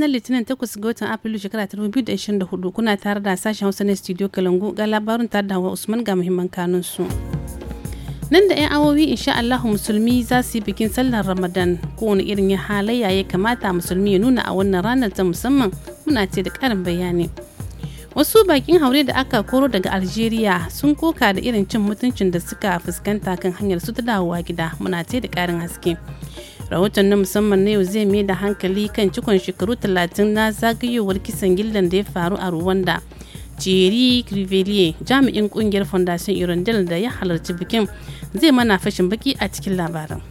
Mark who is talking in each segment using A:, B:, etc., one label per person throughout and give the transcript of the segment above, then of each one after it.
A: ranar litinin takwas ga watan afrilu shekara da da hudu kuna tare da sashen hausa na studio kalangu ga labarin tare da hawa usman ga muhimman kanun su nan da 'yan awowi insha allahu musulmi za su yi bikin sallar ramadan kowane irin ya halayya ya kamata musulmi ya nuna a wannan ranar ta musamman muna ce da karin bayani wasu bakin haure da aka koro daga algeria sun koka da irin cin mutuncin da suka fuskanta kan hanyar su ta dawowa gida muna ce da karin haske rahoton na musamman na yau zai mai da hankali kan cikon shekaru 30 na zagayowar kisan gillan da ya faru a rwanda Thierry Crivelier jami'in kungiyar Fondation Irondel da ya halarci bikin zai mana fashin baki a cikin labaran.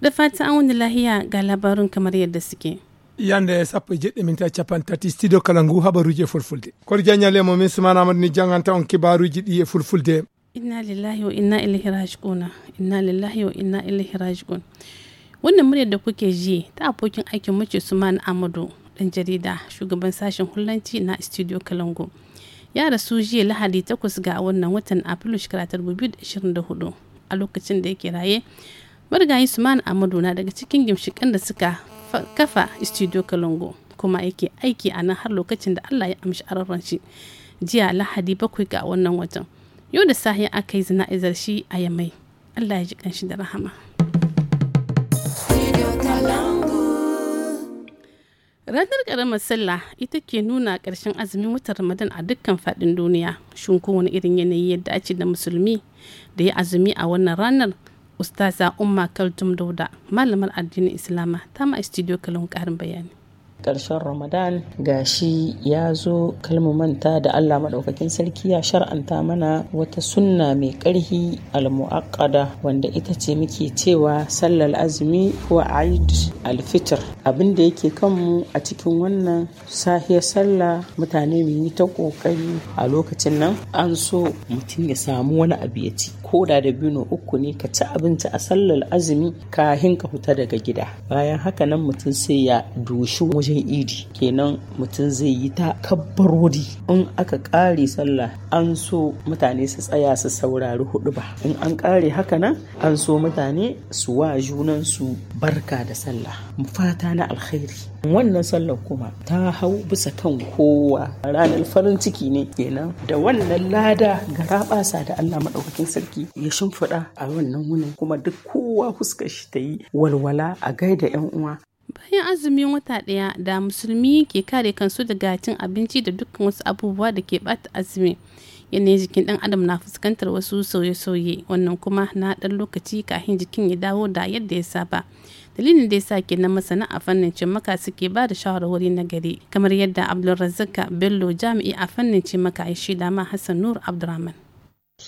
A: Da fata an wani lahiya ga labarun kamar yadda suke.
B: yan da ya e jeɗɗi min tawi capan tati studio kalangu habaruji fulfulde koto jañale mo min sumana amadou ni janganta on kibaruji ɗi e fulfulde
A: inna lillahi wa inna ilaihi raji'una inna lillahi wa inna ilaihi raji'un wannan muryar da kuke ji ta abokin aikin mace suman amadu dan jarida shugaban sashen hullanci na studio kalango ya rasu jiya lahadi takwas ga wannan watan afrilu shekara ta 2024 a lokacin da yake raye marigayi suman amadu na daga cikin gimshikan da suka kafa studio kalango kuma yake aiki a nan har lokacin da allah ya amshi ararranci jiya lahadi bakwai ga wannan watan yau da sahi aka yi izar shi a yamai allah ya ji kanshi da rahama ranar karamar sallah ita ke nuna ƙarshen azumin watan ramadan a dukkan faɗin duniya shin kowane irin yanayi yadda ake da musulmi da ya azumi a wannan ranar ustaza umma kaltum dauda malamar addinin islama ta ma studio kalon karin bayani
C: ƙarshen ramadan gashi ya zo kalmu manta da allah maɗaukakin sarki ya shar'anta mana wata sunna mai ƙarhi almu'akada wanda ita ce muke cewa sallar azumi ko aid alfitr abinda yake kanmu a cikin wannan sahiyar sallah mutane mu yi ta ƙoƙari a lokacin nan an so mutum ya samu wani abu ya ci ko da da bino uku ne ka ci abinci a sallar azumi ka ka fita daga gida bayan haka nan mutum sai ya dushi waje wajen idi kenan mutum zai yi ta kabbarori in aka kare sallah an so mutane su tsaya su saurari hudu ba in an kare haka nan an so mutane su wa junan su barka da sallah fata na alkhairi wannan sallar kuma ta hau bisa kan kowa ranar farin ciki ne kenan da wannan lada ga rabasa da Allah maɗaukakin sarki ya shimfiɗa a wannan wunin kuma duk kowa fuska shi ta yi walwala a gaida 'yan uwa
A: bayan azumin wata ɗaya da musulmi ke kare kansu daga cin abinci da dukkan wasu abubuwa da ke bata azumi yanayin jikin ɗan adam na fuskantar wasu sauye-sauye wannan kuma na ɗan lokaci kafin jikin ya dawo da yadda ya saba dalilin da ya sa ke nan masana a fannin cimaka suke ba da shawarwari na gari kamar yadda abdulrazzaka bello jami'i a fannin cimaka ya shida ma hassan nur abdurrahman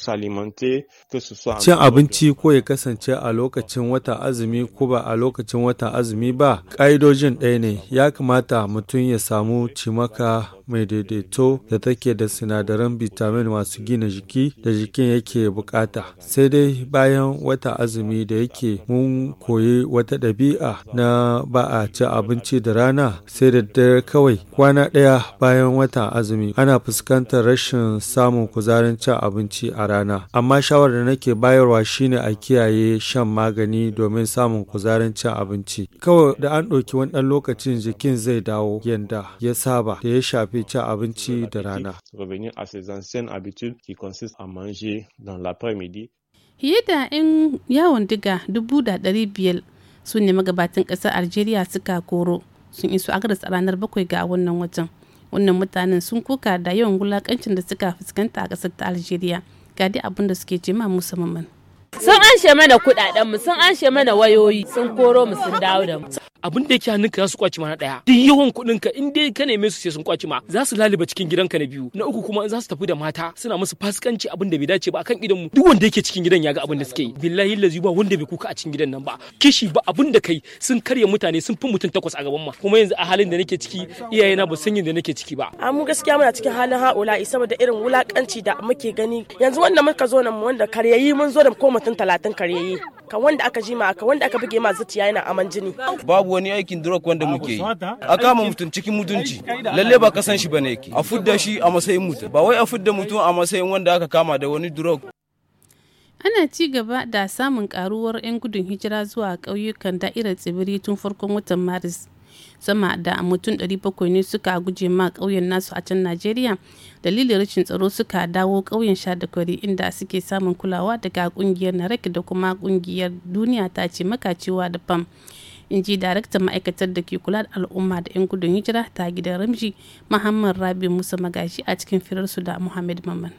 B: su Cin
D: abinci ko ya kasance a lokacin wata azumi ko ba a lokacin wata azumi ba, ƙa'idojin ɗaya ne, ya kamata mutum ya samu cimaka mai daidaito da take da sinadaran bitamin masu gina jiki da jikin yake bukata. Sai dai bayan wata azumi da yake mun koyi wata ɗabi'a na ba a ci abinci da rana sai da dare kawai kwana ɗaya bayan wata azumi ana fuskantar rashin samun kuzarin cin abinci a rana. Amma shawarar da nake bayarwa shine a kiyaye shan magani domin samun kuzarin cin abinci. Kawai da an ɗauki wani ɗan lokacin jikin zai dawo yanda ya saba da ya shafi shafi ci abinci da rana.
A: Fiye da 'yan yawon diga dubu biyar su ne magabatan ƙasar Algeria suka koro sun iso agadas a ranar bakwai ga wannan watan. Wannan mutanen sun koka da yawan wulakancin da suka fuskanta a ƙasar ta Algeria. Ga dai abin da suke jima ma musamman.
C: Sun anshe mana mu sun anshe mana wayoyi, sun koro mu sun dawo da mu. abin da yake ka za su kwaci ma na ɗaya duk yawan kuɗin ka in dai ka neme su sai sun kwaci ma za su laliba cikin ka na biyu na uku kuma za su tafi da mata suna musu fasikanci abin da bai dace ba akan idan mu duk wanda yake cikin gidan ya ga abin da suke yi billahi lazi ba wanda bai kuka a cikin gidan nan ba kishi ba abin da kai sun karya mutane sun fi mutum takwas a gaban ma kuma yanzu a halin da nake ciki iyaye na ba sun yin da nake ciki ba a mu gaskiya muna cikin halin haula saboda irin wulakanci da muke gani yanzu wanda muka zo nan wanda karyayi mun zo da ko mutum talatin karyayi aka wanda aka jima aka wanda aka buge ma zuciya yana aman jini
E: babu wani aikin drug wanda muke yi a kama mutum cikin mutunci lalle ba kasan shi bane yake a fudda shi a matsayin mutum ba wai a fudda mutum a matsayin wanda aka kama da wani drug
A: ana ci gaba da samun karuwar 'yan gudun hijira zuwa ƙauyukan da'irar tsibiri tun farkon watan maris sama da mutum 700 ne suka guje ma ƙauyen nasu a can najeriya dalilin rashin tsaro suka dawo ƙauyen Kwari, inda suke samun kulawa daga ƙungiyar narek da kuma ƙungiyar duniya ta ce makacewa da fam in ji daraktan ma'aikatar da ke kula da al'umma da 'yan gudun hijira ta gidan ramji muhammad rabi musa magashi a cikin firarsu da muhammad maman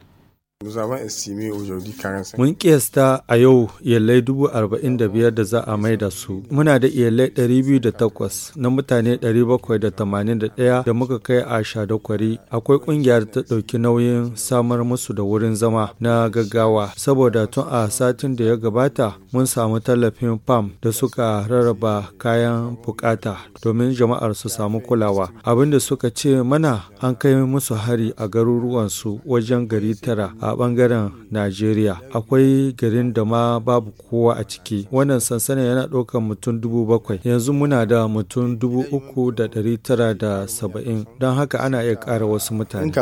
E: Mun
D: kiyasta a yau iyalai dubu arba'in da biyar da za a mai da su. Muna da iyalai ɗari biyu da takwas na mutane ɗari bakwai da tamanin da ɗaya da muka kai a Shadakwari. Akwai ƙungiyar ta ɗauki nauyin samar musu da wurin zama na gaggawa saboda tun a satin da ya gabata mun samu tallafin fam da suka rarraba kayan bukata domin jama'ar su samu kulawa. Abin da suka ce mana an kai musu hari a garuruwansu wajen gari tara a a bangaren Najeriya akwai garin da ma babu kowa a ciki. Wannan sansanin yana ɗaukar mutum dubu bakwai. Yanzu muna da mutum dubu uku da ɗari tara da saba'in don haka ana iya ƙara wasu mutane.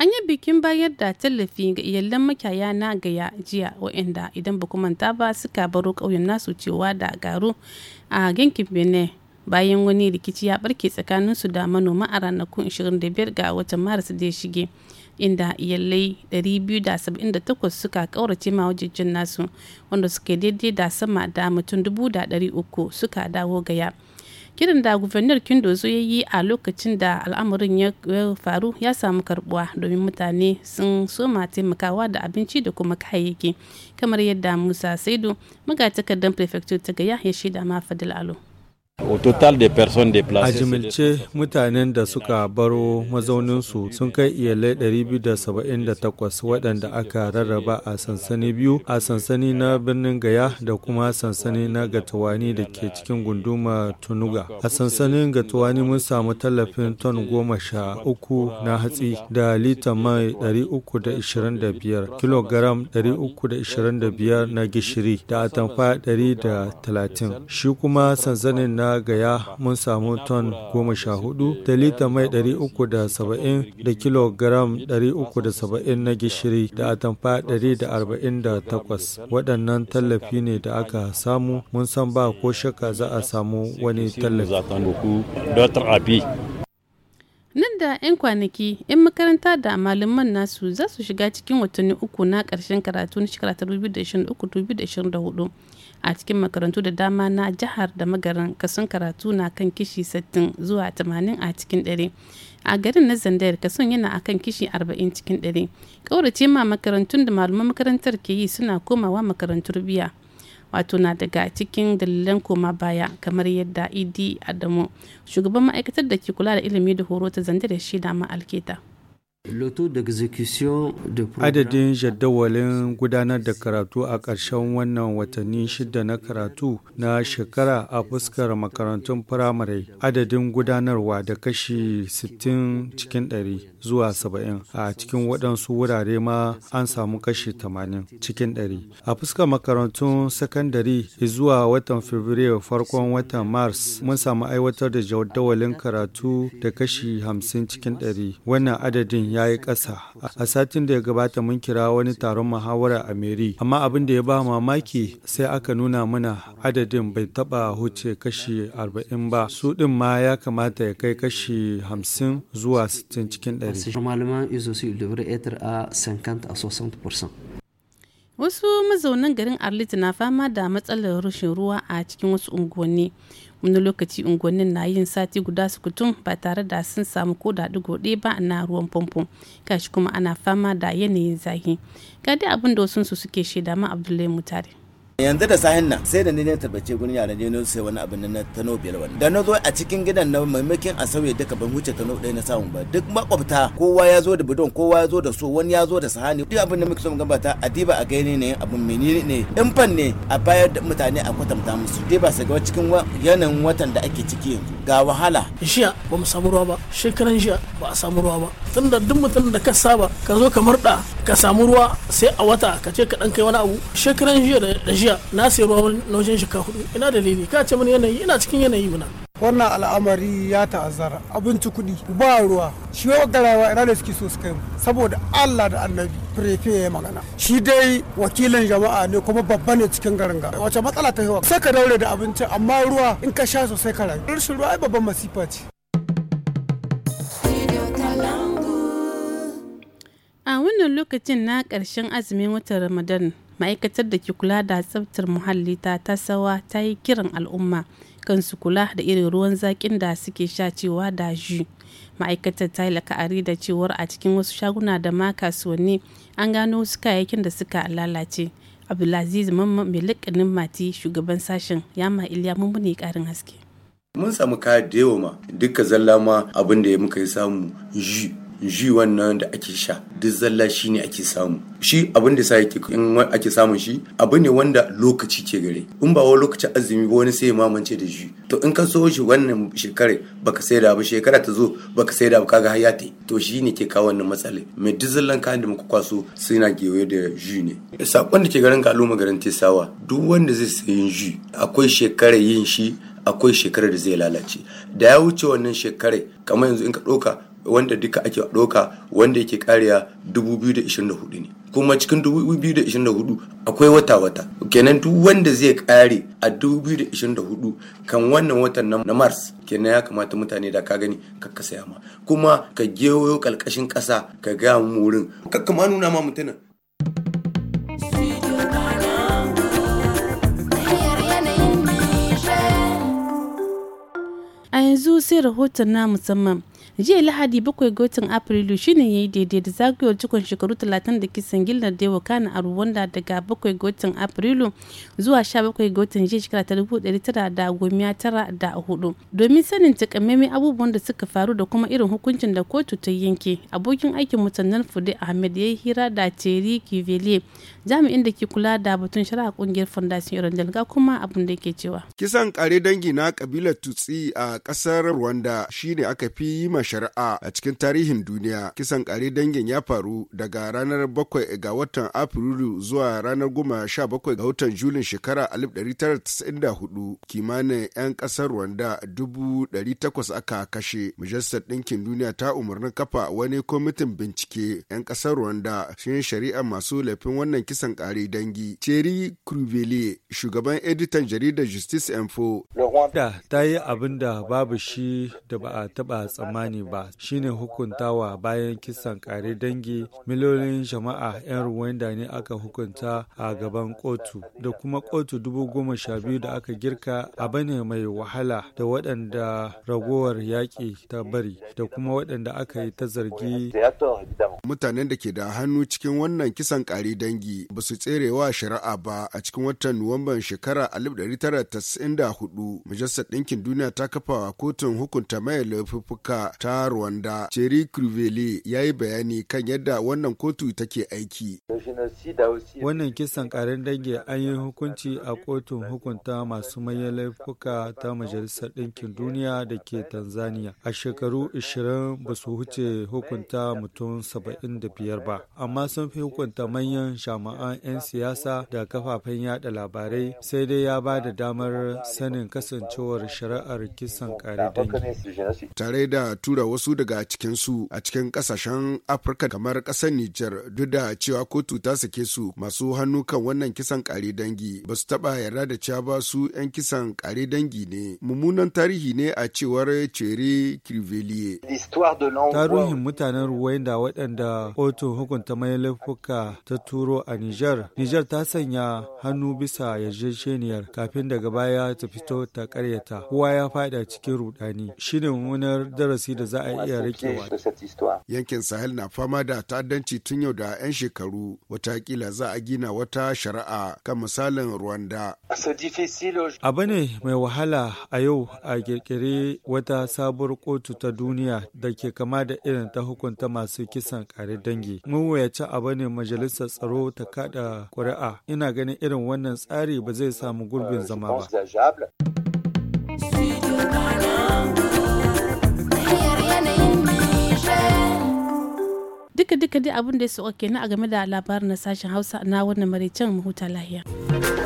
A: An yi bikin bayar da tallafi ga iyalan makiyaya na gaya jiya waɗanda idan ba ta ba suka baro ƙauyen nasu cewa da garu a yankin Benin bayan wani rikici ya barke tsakaninsu da manoma a ranakun 25 ga watan maris da ya shige inda iyalai 278 suka kaurace ma wajejin nasu wanda suke daidai da sama da mutum 300 suka dawo gaya kirin da gubernar kindozo ya yi a lokacin da al'amarin ya faru ya samu karbuwa domin mutane sun soma taimakawa da abinci da kuma kayayyaki kamar yadda musa saidu magatakardar prefecture ta gaya ya shaida ma fadil alo
D: A jimilce mutanen da suka baro mazauninsu sun kai iyalai 278 waɗanda aka rarraba a sansani biyu a sansani na birnin Gaya da kuma sansani na Gatawani da ke cikin gunduma Tunuga. A sansanin Gatawani mun samu tallafin ton goma sha uku na hatsi da lita mai 325 kilogram 325 na gishiri da atamfa 130 shi kuma sansanin na gaya mun samu ton goma sha hudu da lita mai 370 da kilogram 370 na gishiri da atamfa 148 waɗannan tallafi ne da aka samu mun san ba ko shaka za a samu wani
E: tallafi.
A: nan da 'yan kwanaki 'yan makaranta da malaman nasu za su shiga cikin watanni uku na ƙarshen karatu na shekara 2023-2024 a cikin makarantu da dama na jihar da magarin kason karatu na kan kishi 60 zuwa 80 a cikin dare a garin na zandayar kason yana akan kishi 40 cikin dare kaurace ma makarantun da malaman makarantar ke yi suna komawa makarantar biya wato na daga cikin dalilan koma baya kamar yadda idi e adamu shugaban ma'aikatar da ke kula da ilimi da horo ta zandar ya shida ma alketa
D: Adadin jadawalin gudanar da karatu a ƙarshen wannan watanni shida na karatu na shekara a fuskar makarantun firamare adadin gudanarwa da kashi 60 cikin 100 zuwa 70 a cikin waɗansu wurare ma an samu kashi 80 cikin 100 a fuskar makarantun sakandare zuwa watan fabrairu farkon watan mars mun samu aiwatar da jadawalin karatu da kashi 50 cikin 100 wannan adadin ya ya yi ƙasa. A satin da ya gabata mun kira wani taron muhawara a Meri, amma abin da ya ba mamaki sai aka nuna mana adadin bai taɓa huce kashi 40 ba. Su din ma ya kamata ya kai kashi 50 zuwa 60 cikin 100.
A: Wasu mazaunan garin arlita na fama da matsalar rashin ruwa a cikin wasu unguwanni. wani lokaci unguwannin na yin sati guda sukutun ba tare da sun samu ko da digo ɗaya ba na ruwan famfo kashi kuma ana fama da yanayin zahi ga dai abin da wasu suke shaida ma abdullahi mutare
B: yanzu da sahin nan sai da ni ne tabbace gurin yaran ne na sai wani abin na tano biyar wani da na zo a cikin gidan na maimakin a sauye duka ban wuce tano ɗaya na samu ba duk makwabta kowa ya zo da bidon kowa ya zo da so wani ya zo da sahani duk abin da muke so mu gabata a diba a gani ne abin menene ne in fan ne a bayar da mutane a kwatanta musu dai ba su ga cikin yanayin watan da ake ciki yanzu ga wahala jiya ba mu samu ruwa ba shekaran jiya ba a samu ruwa ba tunda duk mutum da ka saba ka zo ka murda ka samu ruwa sai a wata ka ce ka dan kai wani abu shekaran jiya da jiya na sai ruwa na wajen shekara hudu ina dalili ka ce mini yanayi ina cikin yanayi muna wannan al'amari ya ta'azzara abinci kuɗi ba ruwa shi yau garawa ina da suke so su kai saboda Allah da annabi prefe ya magana shi dai wakilin jama'a ne kuma babba ne cikin garin ga wace matsala ta yawa sai ka daure da abinci amma ruwa in ka sha sosai ka rayu rashin ruwa ai babban masifa ce
A: a wannan lokacin na karshen azumin watan ramadan ma'aikatar da ke kula da tsabtar muhalli ta tasawa ta yi kiran al'umma kan su kula da irin ruwan zaƙin da suke sha cewa da ju ma'aikatar ta yi la'akari da cewar a cikin wasu shaguna da ma kasuwanni an gano wasu kayayyakin da suka lalace abdulaziz mamman mai likanin mati shugaban sashen yama iliya ne ƙarin haske
E: mun samu kaya da yawa ma duka zalla ma abin da muka yi samu ju ji wannan da ake sha duk zalla shi ne ake samu shi abin da yake in ake samun shi abu ne wanda lokaci ke gare in ba wani lokacin azumi ba wani sai ya mamance da shi to in ka so shi wannan shekara baka sai da ba shekara ta zo baka sai da ba kaga har ya to shi ne ke kawo wannan matsala mai duk zallan kayan da muka kwaso suna gewaye da ji ne sakon da ke garin ka al'umma garin tesawa duk wanda zai sayin ji akwai shekara yin shi akwai shekarar da zai lalace da ya wuce wannan shekarar kamar yanzu in ka ɗauka wanda duka ake ɗauka wanda yake kariya 2024 ne kuma cikin 2024 akwai wata-wata kenan duk wanda zai kare a 2024 kan wannan watan na mars kenan ya kamata mutane da ka gani ka saya ma kuma ka gewayo kalkashin ƙasa ka ga murin wurin ma nuna ma mutumin
A: a yanzu sai rahoton na musamman jiya lahadi bakwai ga watan afrilu shine ya yi daidai da zagayowar cikon shekaru talatin da kisan gillar da yawa kana a ruwanda daga bakwai ga watan afrilu zuwa sha bakwai ga watan jiya shekara ta dubu ɗari tara da gomiya tara da hudu domin sanin takamaiman abubuwan da suka faru da kuma irin hukuncin da kotu ta yanke abokin aikin mutannan fude ahmed ya yi hira da teri kivelier jami'in da ke kula da batun shari'a kungiyar fondation irondel ga kuma abun da ke cewa
B: kisan kare dangi na kabilar tutsi a kasar rwanda shine aka fi yi hukumar shari'a a cikin tarihin duniya kisan kare dangin ya faru daga ranar 7 ga watan afrilu zuwa ranar 17 ga watan julin shekara 1994 kimanin 'yan kasar rwanda 800 aka kashe majalisar ɗinkin duniya ta umarnin kafa wani kwamitin bincike 'yan kasar rwanda sun shari'a masu laifin wannan kisan kare dangi thierry cruvelier shugaban editan jaridar justice info
D: da ta yi abin da babu shi da ba a taba tsammani tsammani ba shine hukuntawa bayan kisan kare dangi miliyoyin jama'a 'yan ruwanda ne aka hukunta a gaban kotu da kuma kotu dubu goma sha biyu da aka girka a bane mai wahala da waɗanda ragowar yaƙi ta bari da kuma waɗanda aka yi ta zargi
B: mutanen da ke da hannu cikin wannan kisan kare dangi ba su wa shari'a ba a cikin watan nuwamban shekara 1994 majalisar ɗinkin duniya ta kafa kotun hukunta mai laifuka ta Rwanda, Thierry Cruvelier ya yi bayani kan yadda wannan kotu take aiki.
D: Wannan kisan ƙarin dangi an yi hukunci a kotun hukunta masu manyan laifuka ta Majalisar Ɗinkin Duniya da ke Tanzania. A shekaru 20 ba su huce hukunta mutum 75 ba, amma sun fi hukunta manyan shama'an 'yan siyasa da kafafen yada labarai sai dai ya ba da damar sanin kasancewar shari'ar kisan kare
B: dangi. Tare da tura wasu daga cikinsu a cikin kasashen Afirka kamar ƙasar Nijar duk da cewa kotu ta sake su masu hannu kan wannan kisan kare dangi ba su taɓa yarda da cewa ba su 'yan kisan kare dangi ne. Mummunan tarihi ne a cewar Cere Crivellier. Tarihin
D: mutanen Ruwanda waɗanda kotun hukunta mai laifuka ta turo a Nijar. Nijar ta sanya hannu bisa yarjejeniyar kafin daga baya ta fito ta karyata. Kowa ya faɗa cikin rudani. Shine mummunar
B: darasi darasi da za a iya rikewa. Yankin Sahel na fama da ta'addanci tun yau da 'yan shekaru, watakila za a gina wata shari'a kan misalin Rwanda. Abu ne mai wahala a yau a kirkiri wata sabuwar kotu
D: ta duniya da ke kama da irin ta hukunta masu kisan kare dangi. Mun wayace abu ne majalisar tsaro ta kada kuri'a. Ina ganin irin wannan tsari ba zai samu gurbin zama ba.
A: duka duka dai abin da ya sauka kenan a game da labarin na sashen hausa na wannan maraicen mahuta lahiya.